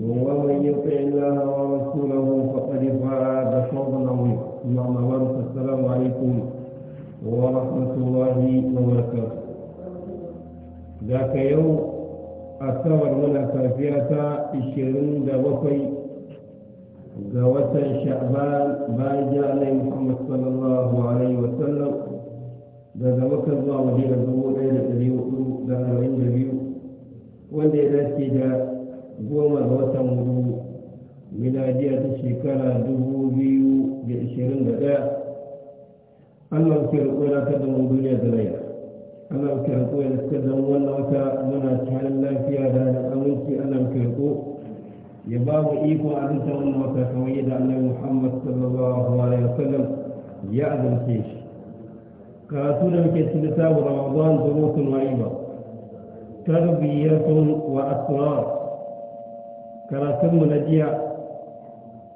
ومن يطع الله ورسوله فقد فاز فوزا عظيما اللهم بارك السلام عليكم ورحمه الله وبركاته ذاك يوم أصور من كافية الشرين دوفي قوة شعبان باجا عليه محمد صلى الله عليه وسلم daga maka zuwa madina dubu ɗaya da ɗari hudu da arba'in da biyu wanda ya dace da goma ga watan hudu miladiya ta shekara dubu biyu da ishirin da ɗaya allah ke riko ya ta zama duniya da rai allah ke riko ya ta zama wannan wata muna cikin lafiya da aminci allah ke riko ya ba mu iko a rinta wannan wata kamar yadda annabi muhammad sallallahu alaihi wasallam ya azance shi karatu da muke cikin littafin ramadan zurutun wa'iba tarbiyyatun wa asrar karatunmu na jiya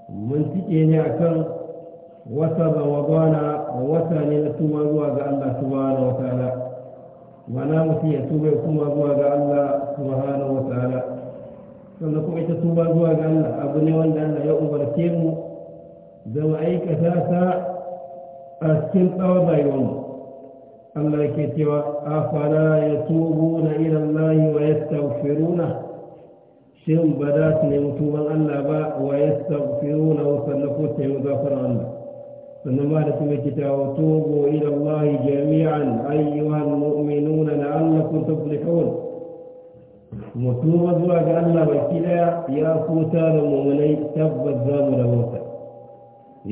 mun tike ne akan wata ramadana wata ne na tuma zuwa ga Allah subhanahu wa ta'ala mana mutum ya tuba ya kuma zuwa ga Allah subhanahu wa ta'ala sannan kuma ita tuba zuwa ga Allah abu ne wanda Allah ya umarce mu da mu aikata ta a cikin tsawon rayuwarmu Allah yake cewa afala yatubuna ila Allah wa yastaghfiruna شم بدات نمتوا الله با ويستغفرون وصلفوت يذكر الله فنما توبوا إلى الله جميعا أيها المؤمنون لعلكم تفلحون متوبة ذواك الله وكلا يا فوتان المؤمنين تب الزام لموتا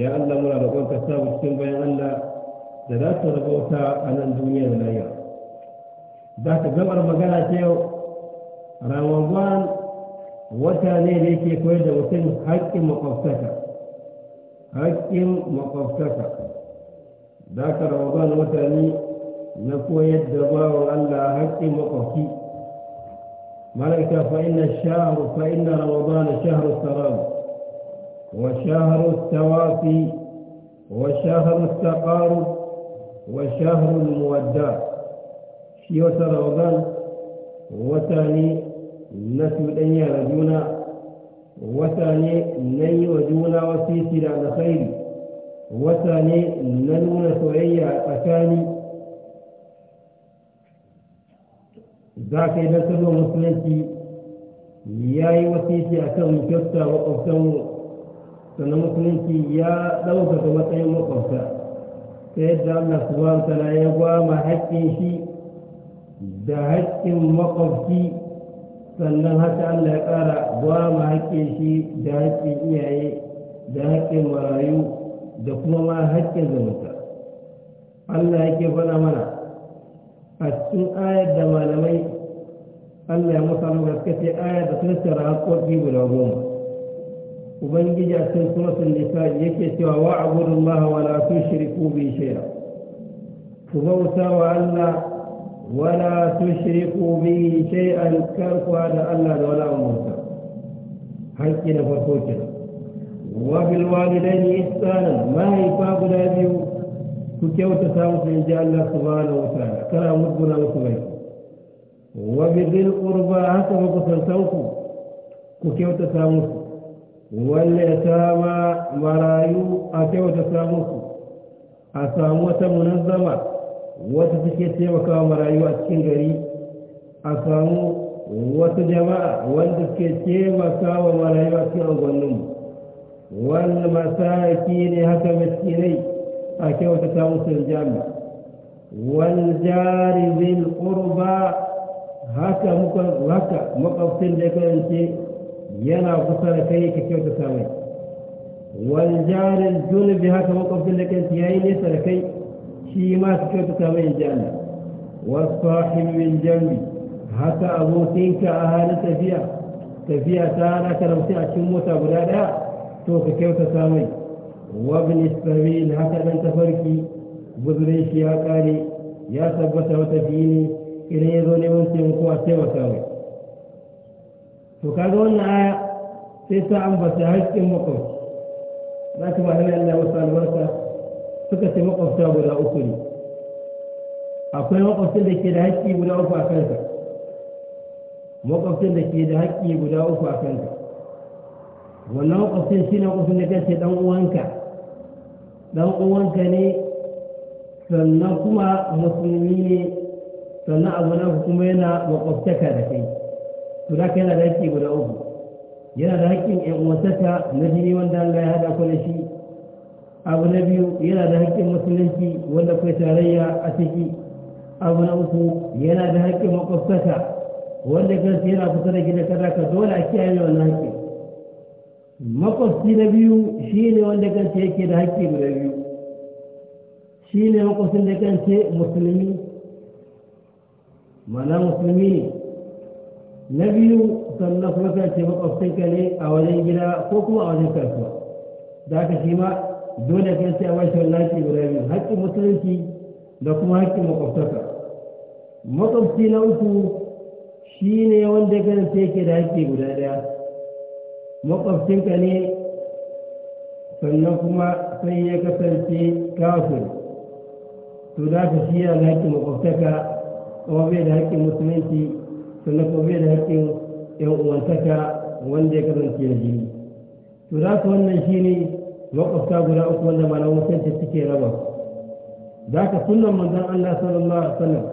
يا الله مرا لقوك السابق شم بين الله ذلك لقوك أن الدنيا لا يعلم ذات قبر مقالة رمضان wata ne da yake koyar da mutum haƙƙin makwabtaka haƙƙin makwabtaka da ka ramadan wata ne na koyar da bawan allah haƙƙin makwabci malaka fa inna shahru fa inna ramadan shahru salam wa shahru tawafi wa shahru taqarub wa shahru muwadda shi wata ramadan wata ne na su yara juna wata ne na yi wa juna wasu yi da alkhairi wata ne na nuna soyayya a tsakani za ka yi nasarar musulunci ya yi wasu yi a kan mutunta makwabtanmu sannan musulunci ya ɗaukaka matsayin makwabta ta yadda Allah subhanahu wa ta'ala ya gwama haƙƙin shi da haƙƙin makwabci sannan haka Allah ya ƙara ba mu haƙƙin shi da haƙƙin iyaye da haƙƙin marayu da kuma ma haƙƙin zamanta. Allah yake faɗa mana a cikin ayar da malamai Allah ya musa mu ce ayar da tattara haƙƙoƙi guda goma ubangiji a cikin sun nisa yake cewa wa abudullaha wa la tushriku bi shay'a ku bauta wa Allah wala tushriku bihi shay'an karkuwa da Allah da wala umurta hakki na farko ke wa bil walidaini ihsana mahaifa guda biyu ku kyautata musu in ji Allah subhanahu wa ta'ala kana musguna musu bai wa bi dhil qurba haka makusantanku ku kyautata musu wal yatama marayu a kyautata musu a samu wata munazzama wata take taimakawa marayu a cikin gari a samu wata jama'a wanda suke taimakawa marayu a cikin angwanninmu wanda masaraki ne haka miskinai a kyautata musu jami wani jari zai ƙurba haka haka makwabcin da karance yana kusa da kai ka kyauta samai? wani jarin zunubi haka makwabcin da karance ya yi nesa da kai shi ma su kyautata mai jami wasu min jami haka abokinka a halin tafiya tafiya ta hana karamci a cikin mota guda ɗaya to ka kyautata mai wabin isra'il haka ɗan tafarki guzurin shi ya ƙare ya tabbata matafiyi ne idan ya zo neman taimako a taimaka mai to kaga wannan aya sai ta ambata haƙƙin makwabci za ka ba hanyar Allah wasu albarka suka ce makwabta guda uku ne akwai makwabcin da ke da haƙƙi guda uku a kanka makwabcin da ke da haƙƙi guda uku a kanka wannan makwabcin shi ne makwabcin da kace dan uwanka dan uwanka ne sannan kuma musulmi ne sannan abu na kuma yana makwabtaka da kai to da yana da haƙƙi guda uku yana da haƙƙin ƴan uwantaka na jini wanda Allah ya hada ku da shi abu na biyu yana da haƙƙin musulunci wanda kai tarayya a ciki abu na uku yana da haƙƙin makwabtaka wanda kansa yana kusa da gida kada ka dole a kiyaye wannan haƙƙi makwabci na biyu shi ne wanda kansa yake da haƙƙi guda biyu shi ne makwabcin da kansa musulmi mana musulmi ne na biyu sannan kuma kansa makwabcinka ne a wajen gida ko kuma a wajen kasuwa da haka shi ma dole sai sai wai ke guda biyu haƙƙin musulunci da kuma haƙƙin makwabtaka makwabci na uku shi ne wanda kan sai ke da haƙƙi guda ɗaya makwabcinka ne sannan kuma sai ya kasance kafin to da ka shi yana haƙƙin makwabtaka kuma bai da haƙƙin musulunci sannan kuma bai da haƙƙin yan uwantaka wanda ya kasance na jini to da ka wannan shi ne Maƙwabta guda uku wanda malamin mutunci suke raba za ka sunan manzan Allah sallallahu alaihi wasallam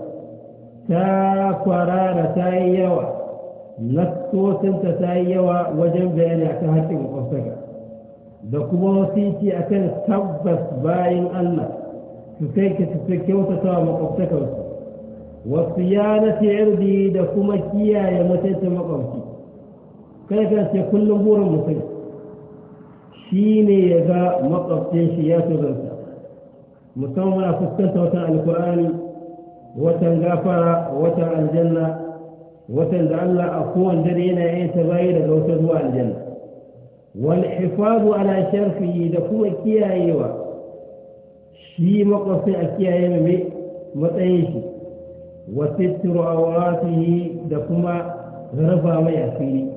ta kwarara ta yi yawa na nassosinta ta yi yawa wajen bayani akan haƙƙin maƙwabtaka. da kuma wasiti akan tabbas bayan Allah su kai ka su kyautata wa makwabtakansu wasu yana irdi da kuma kiyaye mutunta maƙwabci. kai kan ce kullum burin mutum shine ya ga makwabcin shi ya so zansa musamman muna fuskanta watan alkur'ani watan gafara watan aljanna watan da Allah a kowane dare yana yin ta bayi daga wata zuwa aljanna wal hifazu ala sharfihi da kuma kiyayewa shi makwabcin a kiyaye mai matsayin shi wa sitru awratihi da kuma rafa mai asiri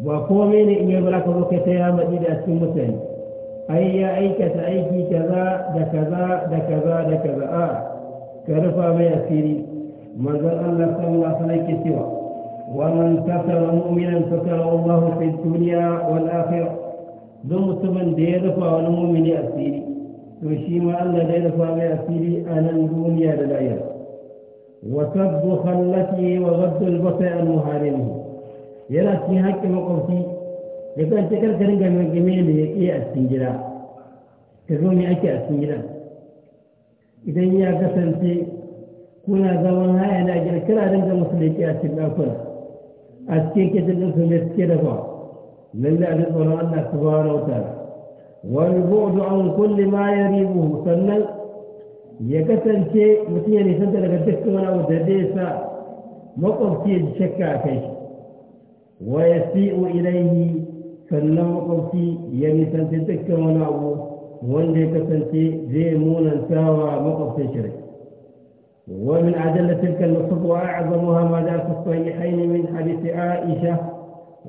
ba komai ne in yi ba ka kai ta ya maɗi da cikin mutane ai ya aikata aiki kaza da kaza da kaza da kaza a ka rufa mai asiri manzon Allah sallallahu alaihi wasallam cewa wa man kasara mu'minan kasara Allahu fi dunya wal akhirah don mutumin da ya rufa wani mu'mini asiri to shi ma Allah da ya rufa mai asiri a nan duniya da lahira wa tabbu khallati wa ghaddu al-basar al yana cikin haƙƙin makwabci ya kan ce karka ringa mai game da ya ƙiya a cikin gida ka zo mai ake a cikin gida idan ya kasance kuna zaman haya na gina kira don musu da ya a cikin ɗakuna a cikin kicin ɗin su ne suke dafa lalle a tsoron Allah ba wani wuta wani bu'du an kulle ma ribu sannan ya kasance mutum ya nisanta daga dukkan wani abu da zai sa makwabci ya shakka a kai ويسيء إليه sannan في يعني nisanci ونعوه wani abu wanda ya kasance zai شرك ومن أدلة تلك النصوص وأعظمها ما جاء في الصحيحين من حديث عائشة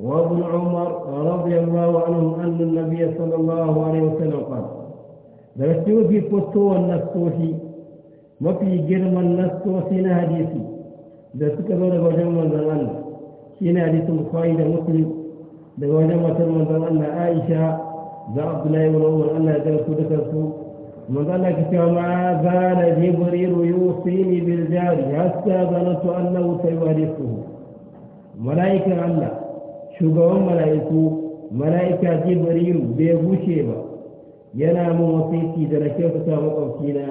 وابن عمر رضي الله عنهم أن النبي صلى الله عليه وسلم قال درستو في فتوى النصوصي ما في جرم النصوصي حديثي في كذلك وجمع الله shine hadisin bukhari da muslim daga wajen matar manzon Allah Aisha da Abdullahi ibn Umar Allah ya ga su dukan su manzon Allah ke cewa ma zala jibril yusini bil jari hatta zanatu annahu sayawrithu malaikan Allah shugaban malaiku malaika bari jibril bai gushe ba yana min wasiki da na kyautata makwabcina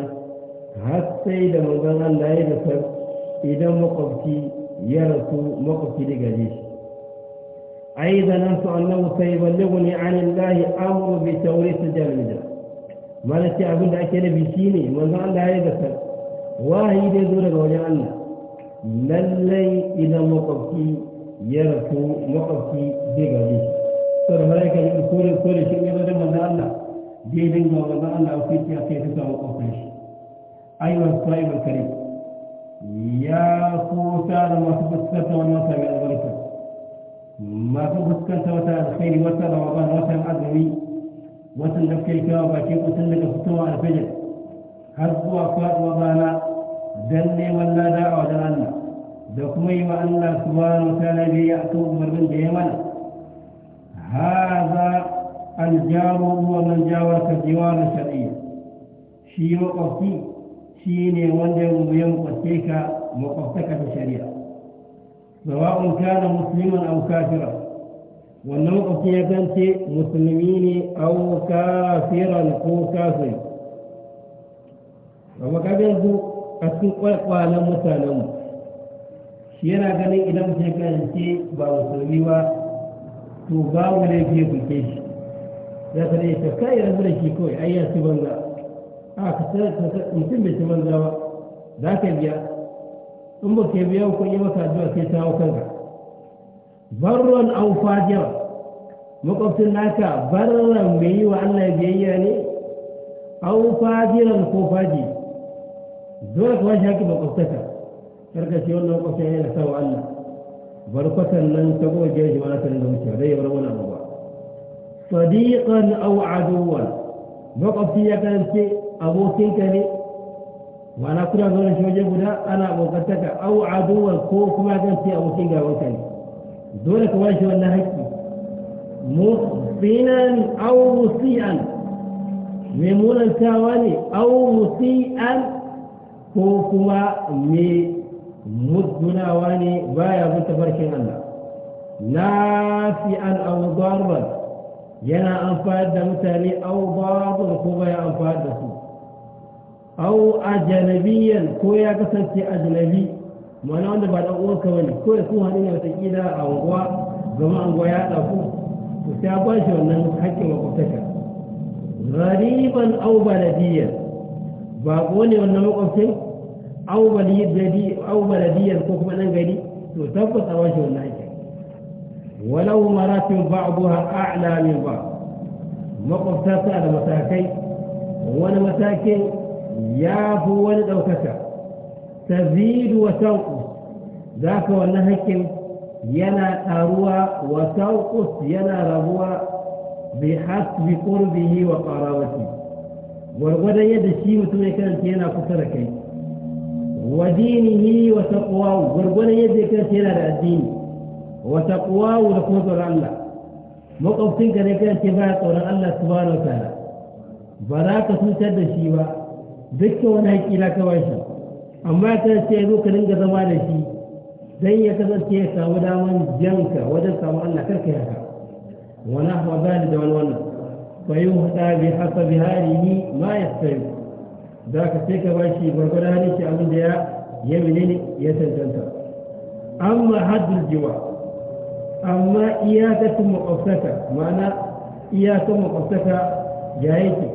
har sai da manzon Allah ya da idan maƙwabci. ya rasu makwafi da gare shi a yi zanen su an nau sai balle wani lahi amuru bai taure su jami'a mana ce abin da ake nabi shi ne manzo an laye da sa wahayi dai zo daga wajen allah lallai idan makwafi ya rasu makwafi da shi sau da mara yakan yi kore kore shi ne zai manzo allah daidai ga manzo allah ta samu kwafin shi ayyuan tribal karibu ya kusa da masu fuskanta wani wata mai albarka masu fuskanta wata alkhairi wata ramadan watan azumi watan da kai kawo bakin kusan daga fitowa alfajir har zuwa faɗuwa rana dan neman lada a wajen Allah da kuma yi wa Allah subhanahu wa ta'ala biya akan umarnin da ya mana هذا الجار هو من جاورك الجوار الشرعية شيء وقفتي shi ne wanda ya makwabce ka makwabtaka ta shari'a sawa'un kana musulman a kafira wannan makwabci ya zance musulmi ne aw kafiran ko kafin amma kaga yanzu a cikin kwakwalen mutanenmu shi yana ganin idan mutum ya kance ba musulmi ba to babu laifi ya kuke shi za ta ne ta kai rabu da shi kawai ayyar su banza a ka sai mutum bai ci banza ba za ka biya in ba ka biya ko yi maka addu'a sai ta hau kanka barron au fajira makwabcin naka barron mai yi wa Allah biyayya ne au fajiran ko faji dole kuma shi haƙi makwabtaka karkace wannan makwabcin yana sa wa Allah barkwatan nan ta goge shi ba za da rinda wuce zai bar wani abu ba sadiqan au aduwan makwabci ya karance abokinka ne ma'ana kuna zaune shi waje guda ana abokantaka au aduwar ko kuma zan ce abokin gabanka ne dole ka bashi wannan haƙƙi musinan au musi'an mai munantawa ne au musi'an ko kuma mai mudunawa ne baya mutafarkin Allah nafi'an au zarban yana amfani da mutane au babu ko ba ya amfani da su au ajanabiyan ko ya kasance ajanabi mana wanda ba dan uwanka bane ko ya kuma hadin ta kila a unguwa zama unguwa ya ku to sai ya bashi wannan hakkin makwabtaka gariban au baladiyan ba ko ne wannan makwabcin au baladiyan ko kuma dan gari to tabbata bashi wannan ولو مرات بعضها أعلى من بعض مقف تاسع لمساكي وانا مساكي يا بول أو كتا تزيد وتوقف ذاك والنهكم ينا أروى وتوقف ينا ربوى بحسب قربه وقرابته وغدا يد الشيء مثل كانت ينا كسركي ودينه وتقواه وغدا يد كانت الدين Wata taqwahu da kuma tsoron Allah makwabcin ka ne kan ce ba tsoron Allah su ba wa ta'ala ba za ka cutar da shi ba dukkan wani haƙƙi na kawai shi amma ka ce zo ka dinga zama da shi dan ya kasance ya samu daman janka wajen samu Allah kar ka ka wani hawa da wani wannan fa yi hudu bi hasabi halihi ma ya sayu za ka sai ka bashi gwargwada hannun shi abin da ya yi ne ya tantanta amma haddul jiwa amma iyakatun maƙwabtaka mana iyakan maƙwabtaka ya yake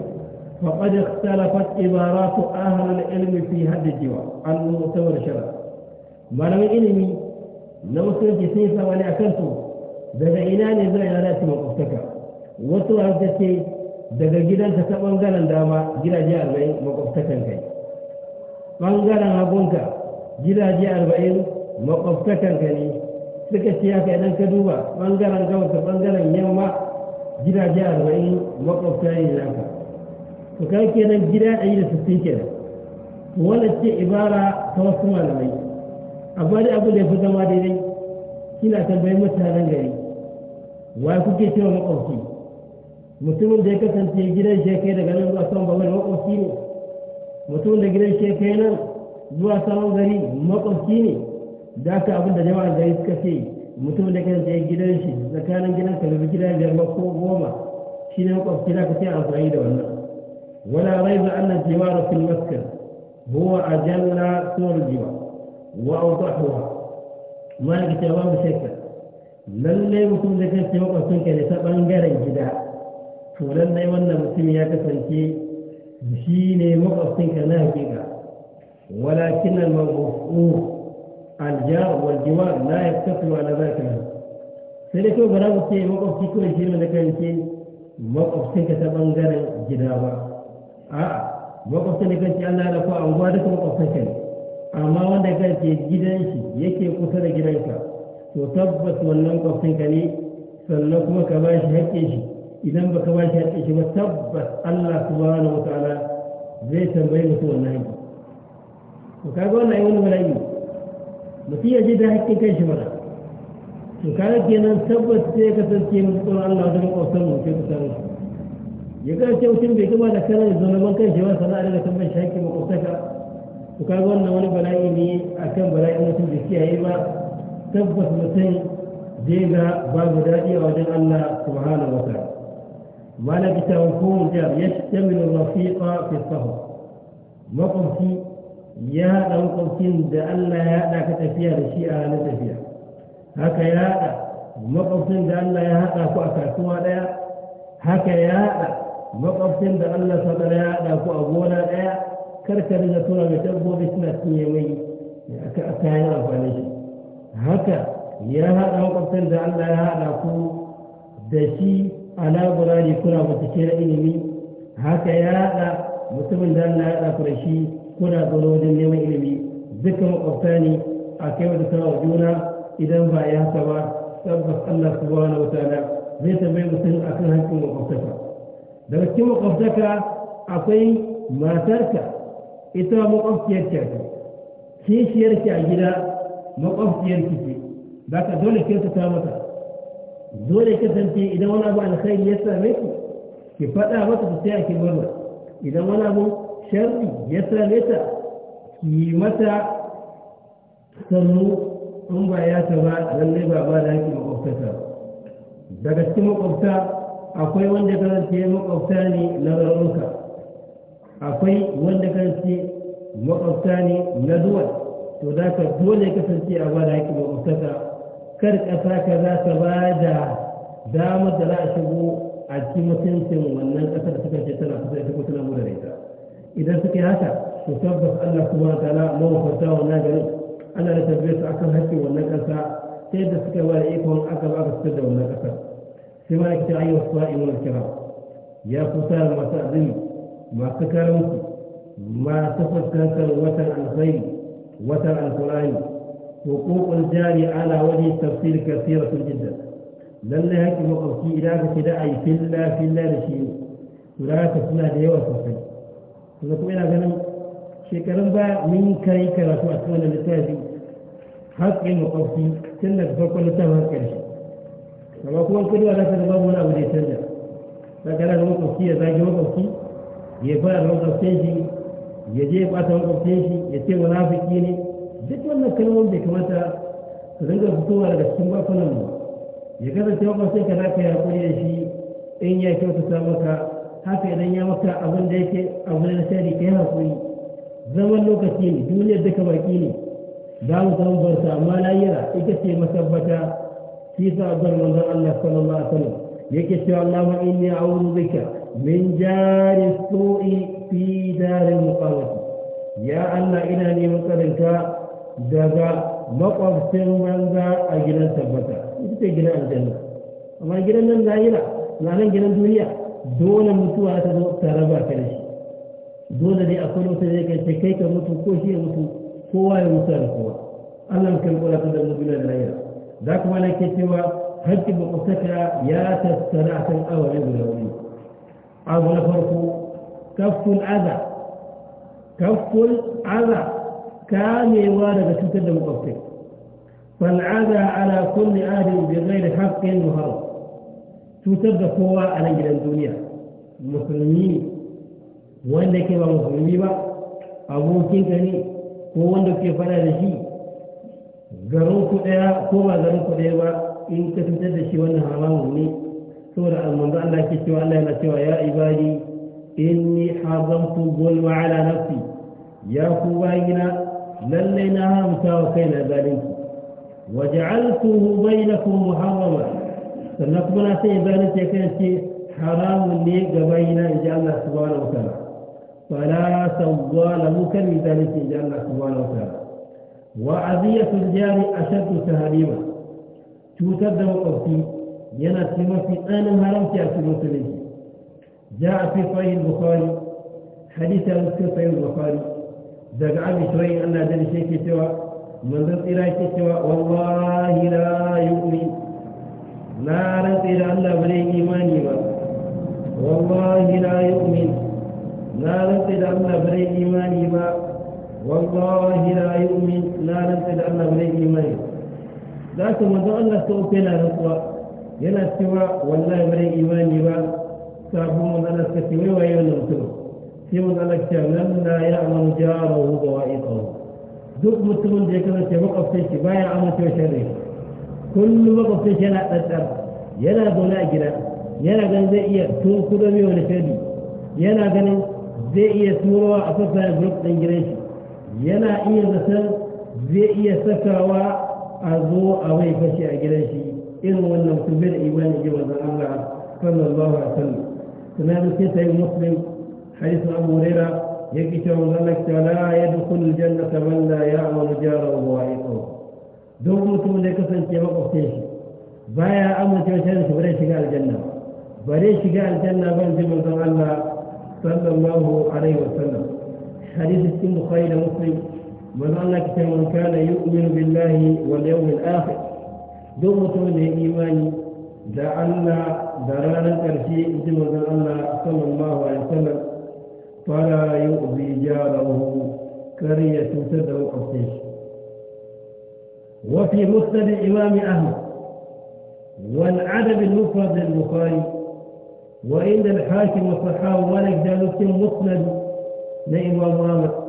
faƙad ikhtalafat ibaratu ahlul ilmi fi haddijiwa al-mu'tawar shara malam ilimi na wasu yake sai ya samu akan su daga ina ne zai yana su maƙwabtaka wasu a ta ce daga gidansa ta ɓangaren dama gidaje arba'in maƙwabtakan kai ɓangaren hagunka gidaje arba'in maƙwabtakan kai ne suka ce haka idan ka duba bangaren gabas ta bangaren yamma gidaje arba'in makwabta yin naka to kai kenan gida ɗari da sittin kenan wannan ce ibara ta wasu malamai amma da abu da ya fi zama daidai kina tambayi mutanen gari wa kuke cewa makwabci mutumin da ya kasance gidan shi kai daga nan zuwa son babban makwabci ne mutumin da gidan shi kai nan zuwa sabon gari makwabci ne da ka abin da jama'a da suka ce mutum da kan tsaye gidan shi tsakanin gidan ka bi gida biyar ba ko goma shi ne ko da ka ce amfani da wannan wala raiba anna jiwara fil maskan huwa ajalla suwar jiwa wa awdahuha malaka ta babu shakka lallai mutum da kan tsaye ko sun ne ta bangaren gida to lalle wannan mutum ya kasance shi ne makwabcin ka na hakika walakin al-mawquf الجار والجوار لا يتفق على ذاك sai dai kawai ba za mu ce makwabci kawai shi da kan ce makwabcin ka ta bangaren gida ba a'a makwabcin da kan ce Allah ku ko anguwa duka makwabcin ka ne amma wanda kan ce gidan shi yake kusa da gidanka to tabbas wannan makwabcin ka ne sannan kuma ka ba shi haƙƙin shi idan ba ka ba shi haƙƙin shi ba tabbas Allah subhanahu wa ta'ala zai tambayi mutum wannan haƙƙi to kaga wannan ayyukan bala'i mutum ya da hakkin kai shi mana to kenan tabbas sai ka Allah mu ya ga ce mutum bai gama da kanar zalaman kan shi ba sana'a daga tambayar shi to wannan wani bala'i ne akan balai mutum kiyaye ba tabbas mutum zai ga babu daɗi a wajen Allah subhanahu wa ta'ala malaka ta da rafiqa fi ya ɗan da Allah ya hada ka tafiya da shi a ranar tafiya haka ya haɗa makwabcin da Allah ya hada ku a kasuwa ɗaya haka ya haɗa makwabcin da Allah sadar ya haɗa ku a gona ɗaya karka da tura mai dabbobi suna cinye mai a kayan amfani shi haka ya haɗa makwabcin da Allah ya haɗa ku da shi a laburari kuna mutu ilimi haka ya haɗa mutumin da Allah ya haɗa ku da shi Kuna da zaune wajen neman ilimi duka makwabta ne a kai wata sawa juna idan ba ya haka ba tabbas Allah subhanahu wataala zai tambayi mutum akan hakkin makwabtaka daga cikin makwabtaka akwai matarka ita makwabciyarka ki a gida makwabciyarki ce ba ka dole ta mata dole kasance idan wani abu alkhairi ya same ki ki faɗa mata ta taya ki murna idan wani abu sharri ya same ta ki mata sannu in ba ya ba lallai ba ba da haƙƙin makwabtaka daga cikin makwabta akwai wanda karance makwabta ne na rarruka akwai wanda karance makwabta ne na duwan to za ka dole kasance a ba da haƙƙin makwabtaka kar kasa ka za ta ba da damar da za a shigo a cikin mutuncin wannan kasar da suka ce tana kusa da ta kusa na mura da ita إذا سكي هكا وتفضح ألا سواء تلا مو فتا وناجل أنا لتبريس أكل هكي ونكسا تيد سكي وليكم أكل أكل سكي ونكسا سواء كتعي والصائم الكرام يا فتال ما تأذن ما تكرمت ما تفض كنسا وطن الخيم وطن القرآن وقوق الجاري على وجه التفصيل كثيرة جدا لن هكي مقصي إلاك تدعي في الله في الله لشيء ولا تسمع ليوة وصفين kuma kuma yana ganin shekarun baya mun kai karatu a cikin wannan littafi haƙƙin makwabci tun daga farkon littafin har ƙarshe amma kuma kudu a da babu wani abu da ya canza za ka da makwabci ya zage makwabci ya fara makwabcin shi ya je ya ɓata makwabcin shi ya ce munafiki ne duk wannan kalmomin bai kamata su dinga fitowa daga cikin bakunan mu ya kasance makwabcin ka za ka yi haƙuri da shi in ya kyautata maka haka idan ya maka abin da yake abu na shari ka yi zaman lokaci ne duniyar duka baki ne za mu san barsa amma lahira ita ce matabbata shi sa abuwar manzon Allah sallallahu alaihi wasallam yake cewa Allahumma inni a'udhu bika min jari su'i fi daril muqawati ya Allah ina neman tsarinka daga makwabcin banza a gidan tabbata ita ce gidan aljanna amma gidan nan lahira na nan gidan duniya dole mutuwa ta zo ta raba ka da shi dole ne akwai wata zai kai kai ka mutu ko shi ya mutu kowa ya mutu da kowa Allah kan kula ta da mutuna da rayuwa da kuma na ke cewa hakkin makwasaka ya tattara a kan awaye guda wuri abu na farko kafin aza kafin aza kamewa daga cutar da makwasai fal'aza ala kulli adin bi ghairi haqqin muharram cutar da kowa a nan gidan duniya musulmi wanda ke ba musulmi ba abokin gani ko wanda ke fada da shi garin ku ko ba garin ku ba in ka cutar da shi wannan haramun ne saboda almanzu Allah ke cewa Allah yana cewa ya ibadi inni hazamtu zulma ala nafsi ya ku bayina lallai na haramta wa kaina zalunci waja'altuhu bainakum muharrama sannan kuma na sanya bayanin sai kan ce haramun ne ga bayina in ji Allah subhanahu wa ta'ala fala sawwa lahu kan misali ce in ji Allah subhanahu wa ta'ala wa a jari ashaddu tahrima cutar da makwabci yana ci mafi tsanin haramci a cikin musulunci جاء في صحيح البخاري حديث في صحيح البخاري ذاك عبد شوي أن هذا الشيء سوى من ذا سوى والله لا wasallam yi mai za su manzo Allah su uku na rantsuwa yana cewa wallahi bare imani ba sabu manzo Allah suka ce wai waye wannan mutum sai mun Allah ce nan la ya'lamu jarahu wa wa'iqahu duk mutumin da ya kasance makwabcin shi baya amincewa sharri kullum makwabcin shi yana tsantsar yana zaune a gida yana ganin zai iya tun kudo mai wani sharri yana ganin zai iya turowa a sassa da grup ɗin gidan shi yana iya zaton zai iya sakawa a zo a mai fashi a gidan shi irin wannan kuma da imani ji manzon Allah sallallahu alaihi wasallam da sai sai muslim hadisi Abu Huraira yake cewa manzon Allah ta la yadkhul jannata man la ya'malu jarahu wa wa'iqahu duk mutum da kasance makwabcin shi baya amince shi da bare shiga aljanna bare shiga aljanna ban ji manzon Allah sallallahu alaihi wasallam hadisi cikin Bukhari da Muslim ولعلك كمن كان يؤمن بالله واليوم الآخر دومة الإيمان لأن درانا ترشي إذن وزن الله صلى الله عليه وسلم فلا يؤذي جاره كرية سد وقصيش وفي مسند إمام أهل والعدب المفرد للبخاري وإن الحاكم والصحابة ولك ذلك مسند لإمام أمر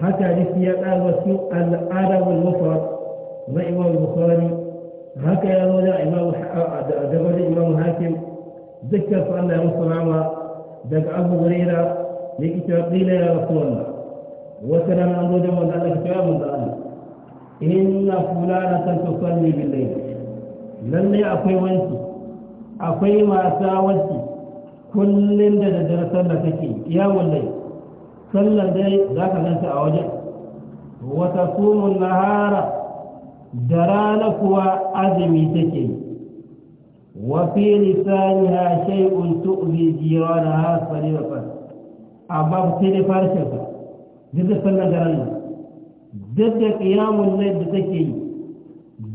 haka hadisi ya ƙara wasu al'adabul mufrad na imam bukhari haka ya zo da imam gaba da imam hakim dukkan su Allah ya musu rama daga abu huraira da ke cewa ƙila ya rasulullah wata rana an zo da wanda Allah ke cewa mun da Allah inna fulana san tusalli bil layl lalle akwai wanki akwai mata wanki kullun da daddare sallah take ya wallahi sallar dai za ka ganta a wajen wata sumun nahara da rana kuwa azumi take yi wa fi lisaniha shay'un tu'zi jiranaha sarifatan amma ba sai dai farcen ka duk da sallar da nan duk da qiyamul layl da take yi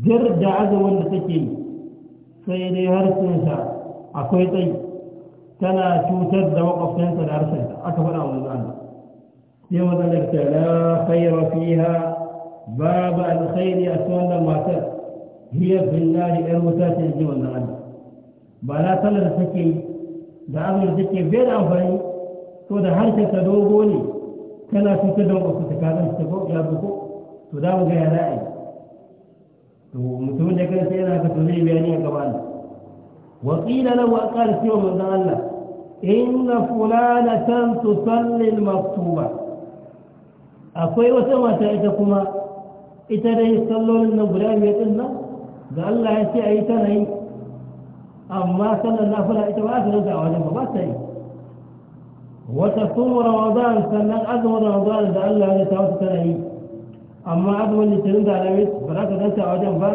duk da azumin da take yi sai dai harshen ta akwai tsayi tana cutar da makwabtansa da harshen ka, aka faɗa wa manzo Allah sai maganar ta la khayra fiha babu alkhairi a cikin wannan matar hiya billahi ɗan wuta ce ba na sallar take da abin da take bai da amfani to da harshen ta ne tana cutar da wasu ta kazan ya buko to da mu ga to mutumin da kansa yana ka to zai bayani a gaba ne na qila lahu aqala siwa manzon Allah inna fulanatan tusalli al-maktuba akwai wata mata ita kuma ita dai sallolin nan guda biyu din nan da Allah ya ce a yi tana yi amma sallar fara ita ba ta rinka a wajen ba ba ta yi wata sun ramadan sannan azumin ramadan da Allah ya ta wata tana yi amma azumin litinin da alamis ba za ka danta a wajen ba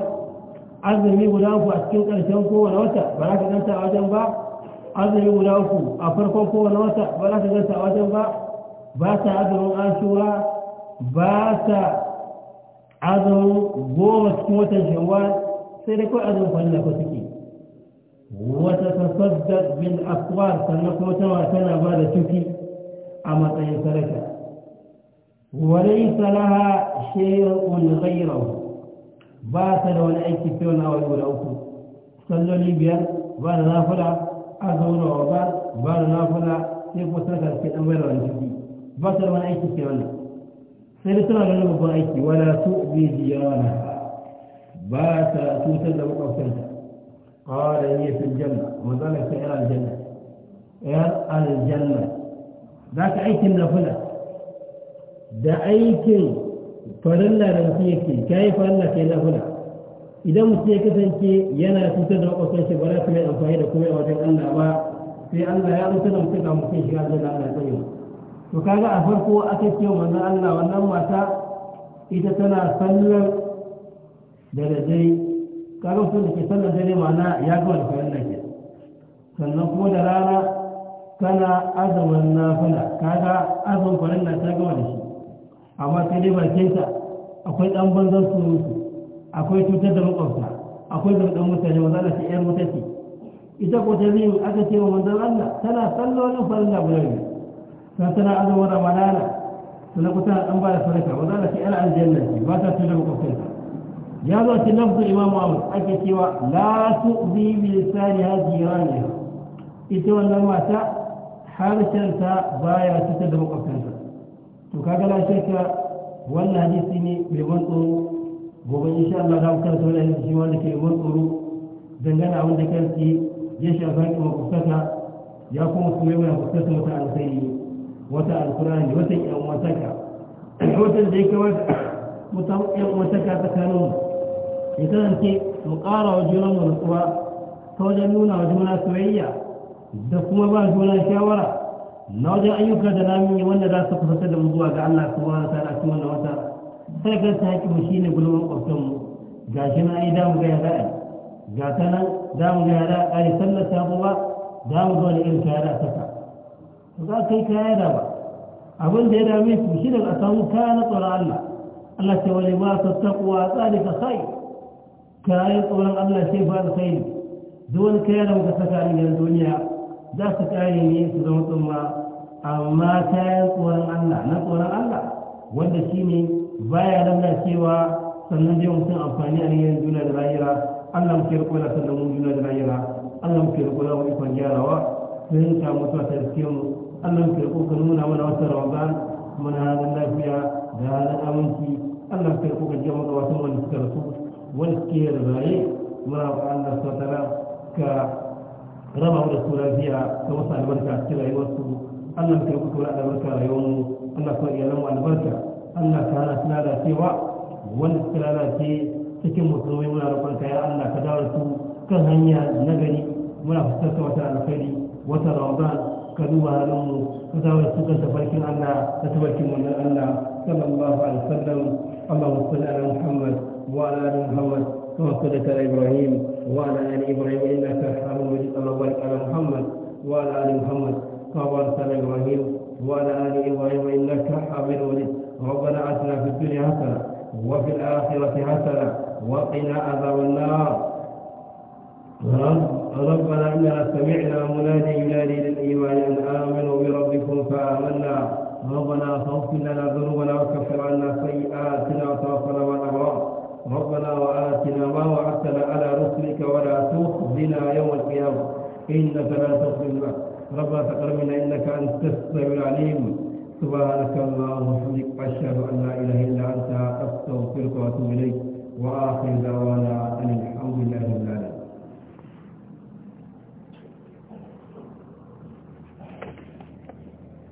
azumi guda uku a cikin ƙarshen kowane wata ba za ka danta a wajen ba azumi guda uku a farkon kowane wata ba za ka danta a wajen ba ba ta azumin ashura ba sa azumin goma cikin watan shawwal sai da kawai azumin falla ko suke wata tasaddaq bin aswar sannan kuma tana tana ba da tuki a matsayin sadaka وليس لها شيء غيره باتل ولا ايكي فيونا ولا اوكو صلوا لي بيا بان نافلا ازونا وبان بان نافلا wani سنكر Ba امير da wani aiki ايكي فيونا sai da suna ganin babban aiki wala su bi diyana ba ta tutar da makwabtanta qala hiya fil janna manzala ta yar aljanna yar aljanna ka aikin nafila da aikin farilla da mutum yake kai farilla kai nafila idan mutum ya kasance yana cutar da makwabtan ba za su mai amfani da kuma wajen Allah ba sai Allah ya mutu da mutum da shiga aljanna Allah ya tsare to kaga a farko aka ce manzon Allah wannan mata ita tana sallar da dai kaga sun da ke sallar dare mana ya ga wani fa'ila ke sannan kuma da rana kana azumin nafila kaga azumin nan ta gama da shi amma sai dai bakin ta akwai dan banzan surutu akwai cutar da makwabta akwai zargan mutane maza da ta yar mutaci ita ko ta biyu aka ce wa manzon Allah tana sallolin farilla guda biyu ta tana da ramadana sannan ku tana ɗan ba da sadaka ba da shi ce ala aljanna ce ba ta tuna makwabcinta ya zo ci lafzu imam ahmad ake cewa la su bi bi lisani ha jirani ita wannan mata harshenta baya cutar da makwabcinta to kaga na shakka wannan hadisi ne mai ban tsoro gobe insha Allah za mu karanta wannan hadisi wanda ke ban tsoro dangane abin da kanki ya shafa ki makwabtaka ya kuma kuma mai makwabtaka mutane sai ne wata alkurani wata yan wataka watan da ya kawar wata yan wataka tsakanin ya kasance mu ƙara wa juna mu nutsuwa ta wajen nuna wa juna soyayya da kuma ba juna shawara na wajen ayyuka da nami wanda za su kusantar da mu zuwa ga Allah kuma ta ta'ala cikin wannan wata sai ka ta shi ne gulman kwaftan mu shi na yi damu ga yara ga ta nan damu ga yara a yi sallar ta kuma damu ga wani irin ta yara saka ba za ka kai kaya da ba abin da ya dame su shi daga samu kaya na tsoron Allah Allah ce wani ba su taƙuwa tsari ka sai kayan tsoron Allah sai ba da sai duk wani kaya da muka saka a gidan duniya za su kare ne su zama tsumma amma kayan tsoron Allah na tsoron Allah wanda shi ne baya cewa sannan dai mutum amfani a gidan duniya da lahira Allah muke rikola sannan mun duniya da lahira Allah muke rikola wani kwan gyarawa sun samu sa ta mu Allah kai yi ka nuna mana wata Ramadan muna da lafiya da da aminci Allah ka ku ka jama'a mana wasu wani suka rasu wani suke raye muna ga Allah sa tara ka raba da su lafiya da wasu albarka a cikin rayuwarsu Allah ka yi ka wani albarka rayuwarmu Allah ka yi mu albarka Allah ta hana suna da cewa wani suka ce cikin musulmai muna roƙon ka ya Allah ka dawo su kan hanya na gari muna fuskantar wata alkhairi wata Ramadan كدوا الأمر فتاوى السكة تبالكين أنا تتبالكين من أنا صلى الله عليه وسلم الله صلى على محمد وعلى آل محمد كما صدق على إبراهيم وعلى آل إبراهيم إنك حرام مجد الله بارك على محمد وعلى آل محمد كما بارك على إبراهيم وعلى آل إبراهيم إنك حميد مجيد ربنا آتنا في الدنيا حسنة وفي الآخرة حسنة وقنا عذاب النار ربنا إننا سمعنا منادي ينادي أن آمنوا بربكم فآمنا ربنا فاغفر لنا ذنوبنا وكفر عنا سيئاتنا وتوفنا والأبرار ربنا وآتنا ما وعدتنا على رسلك ولا تخزنا يوم القيامة إنك لا تخزنا ربنا تكرمنا إنك أنت السميع العليم سبحانك اللهم وبحمدك أشهد أن لا إله إلا أنت أستغفرك وأتوب إليك وآخر دعوانا أن الحمد لله رب العالمين